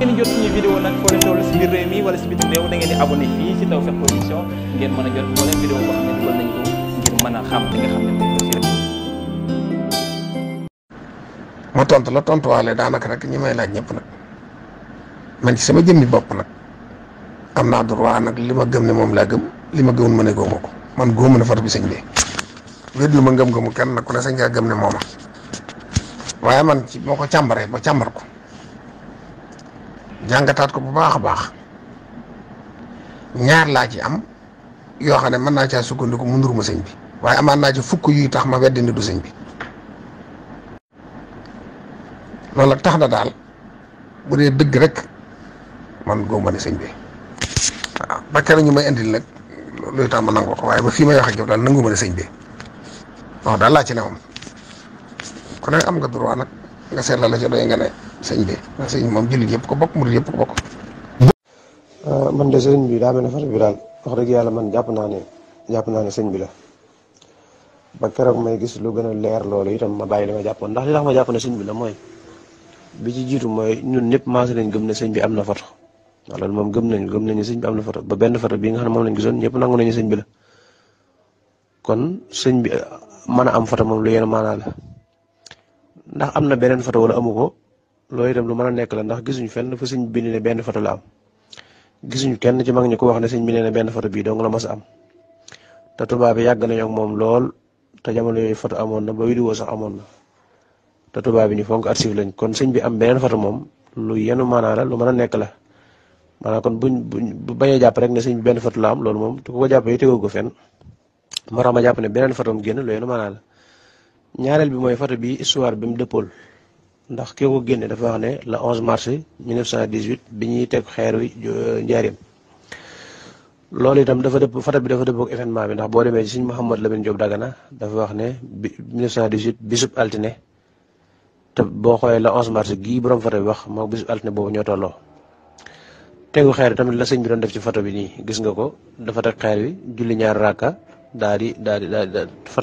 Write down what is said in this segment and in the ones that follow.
ngeen jot suñu vidéo nag foo leen toll si biir réew mi wala si bitim réew da ngeen di abonné fii si Tawfekh Production ngeen mën jot moo leen vidéo boo xam ne nañ ko ngir mën xam li nga xam ne moom rek. ma tontu la tontuwaale daanaka rek ñi may laaj man ci sama jëmmi bopp nag droit gëm gëm gëmul man góoma na fatu bi sëñ bee wéddu ma gëm man ci moo ko ba càmbar ko jàngataat ko bu baax a baax ñaar laa ci am yoo xam ne mën naa caa sukkandiku mu ndur ma sëñ bi waaye amaat naa ci fukk yuy tax ma weddi ni du sëñ bi loolu tax na daal bu dee dëgg rek man góob ne sëñ bi waaw ñu may indil nag luy tax ma nangoo ko waaye ba fii may wax ak yow daal nangu ma ne sëñ bi wax daal laa ci ne moom ku ne am nga droit nag. nga seet la la ca nga ne sëñ bi ndax sëñ moom jullit yëpp ko bokk murit yëpp ko bokk. Ah, man de sëñ bi daa mel ne fas bi daal wax dëgg yàlla man jàpp naa ne jàpp naa ne sëñ bi la ba keroog may gis lu gën a leer loolu tam ma bàyyi li ma jàppoon ndax li tax ma jàpp na sëñ bi la mooy bi ci jiitu ñun ñëpp maase nañ gëm ne sëñ bi am na foto waaw moom gëm nañ gëm nañu sëñ bi am na foto ba benn foto bi nga xam ne moom lañ gisoon ñëpp nangu nañu sëñ bi la kon sëñ bi mën a am foto moom lu yéen maanaa ndax am na beneen photo wala amu ko loolu itam lu mën a nekk la ndax gisuñu fenn fa sëñ bi ne benn photo la am gisuñu kenn ci mag ñi ko wax na sëñ bi ne benn photo bii dong la mas a am te tubaab bi yàgg nañoo ak moom lool te jamono yooyu photo amoon na ba vidéo sax amoon na te tubaab yi ñu fonk archive lañ kon sëñ bi am beneen photo moom lu yenu maanaa la lu mën a nekk la maanaam kon buñ buñ bañ a jàpp rek na sëñ bi benn photo la am loolu moom ku ko jàppee tegoo ko fenn ma tax a jàpp ne beneen photo am génn lu yenu maanaa la ñaareel bi mooy foto bi histoire bi mu dëppool ndax ki ko génne dafa wax ne le 11 mars 1918 bi ñuy teg xeer wi euh, njaareem loolu itam dafa dëpp photo bi dafa dëppoo ak événement bi ndax boo demee ci sëñ Mouhamad Lamine Diop Dagana dafa wax ne bi 1918 bisub altine te boo xoolee la 11 mars gii borom photo bi wax moo bisub altine boobu ñoo tolloo tegu xeer tamit la sëñ bi doon def ci foto bi nii gis nga ko dafa teg xeer wi julli ñaar raaka daal di daal di daal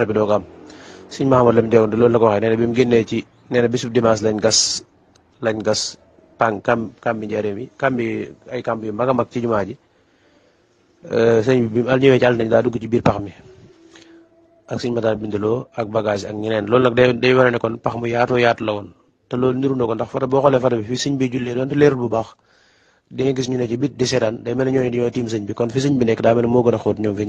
di doo am. suñ Mahamad Lam Diaw loolu la ko waxee nee na bi mu génnee ci nee na bisub dimanche lañ gas lañ gas pànk kam kambi njëriñ yi kambi ay kamb yu mag a mag ci jumaa ji euh, sëñ bi bi mu ñëwee ci nañ daa dugg ci biir pax mi ak suñ mataar bindaloo ak bagage ak ñeneen loolu nag day day kon pax mu yaatoo yaatu lawoon woon te loolu niru na ko ndax foto boo xoolee foto bi fii sëñ bi jullee doon te leerul bu baax di nga ñu ne ci bit di seetaan day mel ne ñooñu tiim sëñ bi kon fi sëñ bi nekk daa a xóot ñoom fi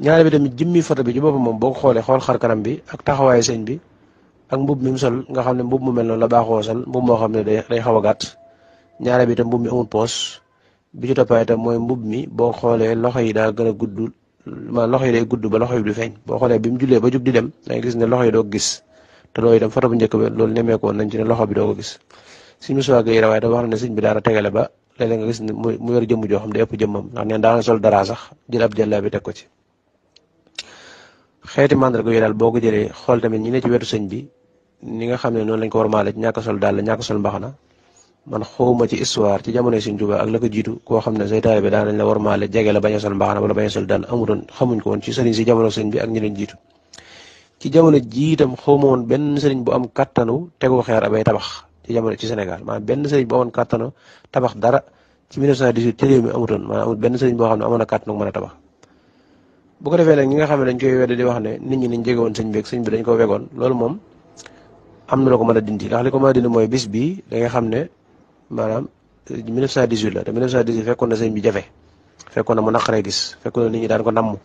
ñaareel bi tamit jëmmi photo bi ci boppam moom boo ko xoolee xool xar kanam bi ak taxawaay sëñ bi ak mbub mi mu sol nga xam ne mbub mu mel noon la baaxoo sol mbub moo xam ne day day xaw a gàtt ñaareel bi itam mbub mi amul poos bi ci toppaay itam mooy mbub mi boo xoolee loxo yi daa gën a gudd ma loxo yi gudd ba loxo yi du feeñ boo xoolee bi mu jullee ba jug di dem da gis ne loxo yi doo gis te loolu itam photo bu njëkk bi loolu nemmeekoon nañ loxo bi doo ko gis suñ mosuwaag yi na ne bi daana tegale ba léeg-léeg nga gis ne mu yor jëmm joo xam ne ëpp jëmmam neen daana sol dara sax jël ab jàllaa bi teg ko ci xeeti màndarga yooyu daal boo ko jëlee xool tamit ñi ne ci wetu sëñ bi ni nga xam ne noonu lañ ko war maale ñàkk sol daal la ñàkk sol mbaxana man xawma ci histoire ci jamonoy sëñ Tuubaa ak la ko jiitu koo xam ne say taalibe bi daan nañ la war maale jege la bañ a sol mbaxana a sol daal amutoon xamuñ ko woon ci sëriñ si jamono sëñ bi ak ñi leen jiitu ci jamono jii itam xawma woon benn sëriñ bu am kattanu tegu xeer abay tabax ci jamono ci Sénégal maanaam benn sëriñ boo amoon kattanu tabax dara ci 1918 ci réew mi amutoon maanaam amul benn sëriñ boo xam ne amoon a kattanu mën a tabax bu ko defee nag ñi nga xam ne dañ koy wedde di wax ne nit ñi niñ jege woon sëñ beeg bi dañ ko wegoon loolu moom am na la ko mën a dindi ndax li ko mën a dindi mooy bis bii da nga xam ne maanaam 1918 euh, la te 1918 fekkoon na sëñ bi jafe fekkoon na mu naqaree gis fekkoon na nit ñi daan ko namm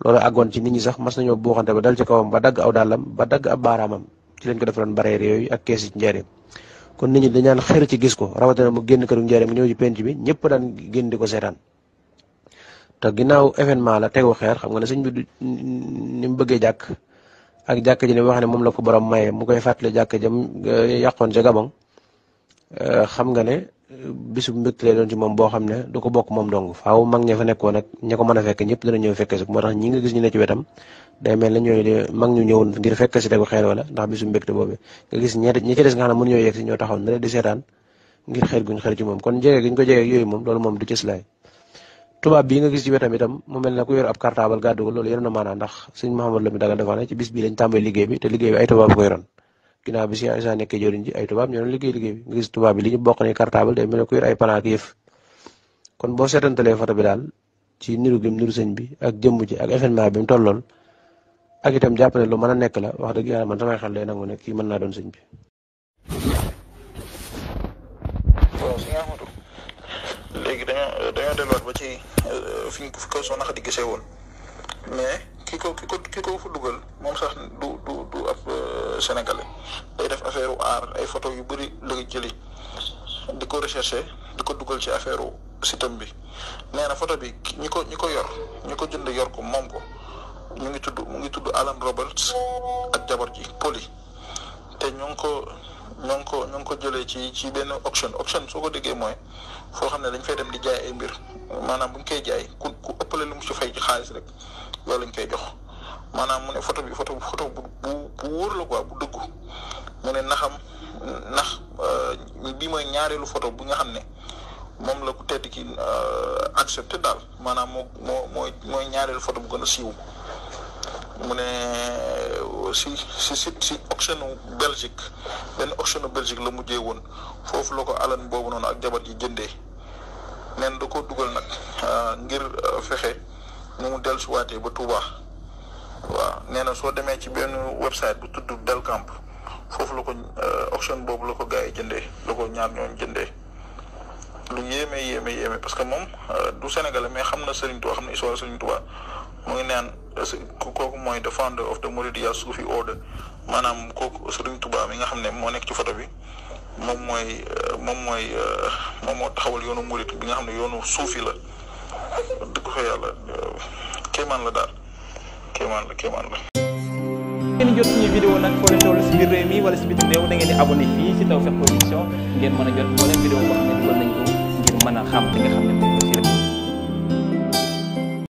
loolu àggoon ci nit ñi sax mas nañoo buuxante ba dal ci kawam ba dagg aw dàllam ba dagg a baaraamam ci lañ ko def defaloon bareer yooyu ak kees yi ci kon nit ñi dañaan xër ci gis ko rawatina mu génn këru njëriñ ñëw ci penc bi ñëpp daan génn ko seetaan te ginnaaw événement la tegu xeer xam nga ne sëñ bi ni mu bëggee jàkk ak jàkk ji ni wax ne moom la ko borom maye mu koy fàttali jàkk jam e, yàqoon ca Gabon e, xam nga ne bisu mbégte lay doon ci moom boo xam ne du bokk moom dong faaw mag ña fa nekkoon nag ña ko a fekk ñëpp dana ñëw fekk si moo tax ñi ñu ne ci wetam day mel ne ñooy mag ñu ñëwoon ngir fekk si tegu xeer wala ndax bisu mbégte boobu nga gis ñe ñi ci des nga xam ne mën di seetaan ngir xeer guñ xeer ci kon jege giñ ko jege yooyu moom loolu moom du tubaab bii nga gis ci wetam itam mu mel ne ku yor ab cartable gàddu ko loolu yeneen na maanaa ndax sëñ Mouhamadou Lamine Dagal dafa ne ci bis bii lañ tàmbali liggéey bi te liggéey bi ay tubaab ko yoroon ginnaaw bi si Isaa nekkee jëriñ ji ay tubaab ñoo doon liggéey liggéey bi nga gis tubaab bi li ñu cartable day mel ne ay panaak yëf kon boo seetantalee photo bi daal ci niru gi niru sëñ bi ak jëmm ji ak événement bi mu tollool ak itam jàpp ne mën a nekk la wax dëgg yàlla man samay xel day nangu ne kii mën naa doon sëñ bi delluwaat ba ci euh, fi fi ko soxna Xadi gisee woon mais ki ko ki ko ki moom sax du du du ab euh, sénégalais day def affaire ar, aar ay photo yu bëri la jëli di ko recherché di ko dugal ci affaire u sitam bi nee na photo bi ñi ko ñi ko yor ñi ko jënd yor ko moom ko ñu ngi tudd mu ngi tudd Alan Roberts ak jabar ji Polly te ñu ko ñoo ngi ko ñoo ko jëlee ci ci benn auction auction soo ko déggee mooy foo xam ne dañ fay dem di jaay ay mbir maanaam bu ñu koy jaay ku ku ëppale lu mu ci fay xaalis rek loolu lañ koy jox maanaam mu ne photo bi photo photo bu bu bu wóor la quoi bu dëggu mu naxam nax euh, bi mooy ñaareelu photo bu nga xam ne moom la ku tedd ki euh, accepté daal maanaam moo moo mooy mooy ñaareelu photo bu gën a siiw mu si si si auction Belgique benn auction Belgique la mujjee woon foofu la ko alan boobu noonu ak jabar yi jëndee neen da ko dugal nag ah, ngir ah, fexe nu mu dellusiwaatee ba Touba waaw nee na soo demee ci benn website bu tudd Delcamp foofu la ko ah, auction boobu la ko gars yi jëndee la ko ñaar ñooñu jëndee lu yéeme yéeme yéeme parce que moom du Sénégalais mais xam na Serigne Touba xam na histoire Serigne Touba mu ngi kooku mooy the founder of the Mouridiya Sufi order maanaam kooku Serigne Touba mi nga xam ne moo nekk ci photo bi moom mooy moom mooy moom moo taxawal yoonu Mouride bi nga xam ne yoonu suufi la dëgg fa yàlla la daal kéemaan la kéemaan la. mi wala si biir réew da ngeen di abonné fii si Tawfekh Production ngeen mën a jot moo leen vidéo boo xam ne dugal a xam ne.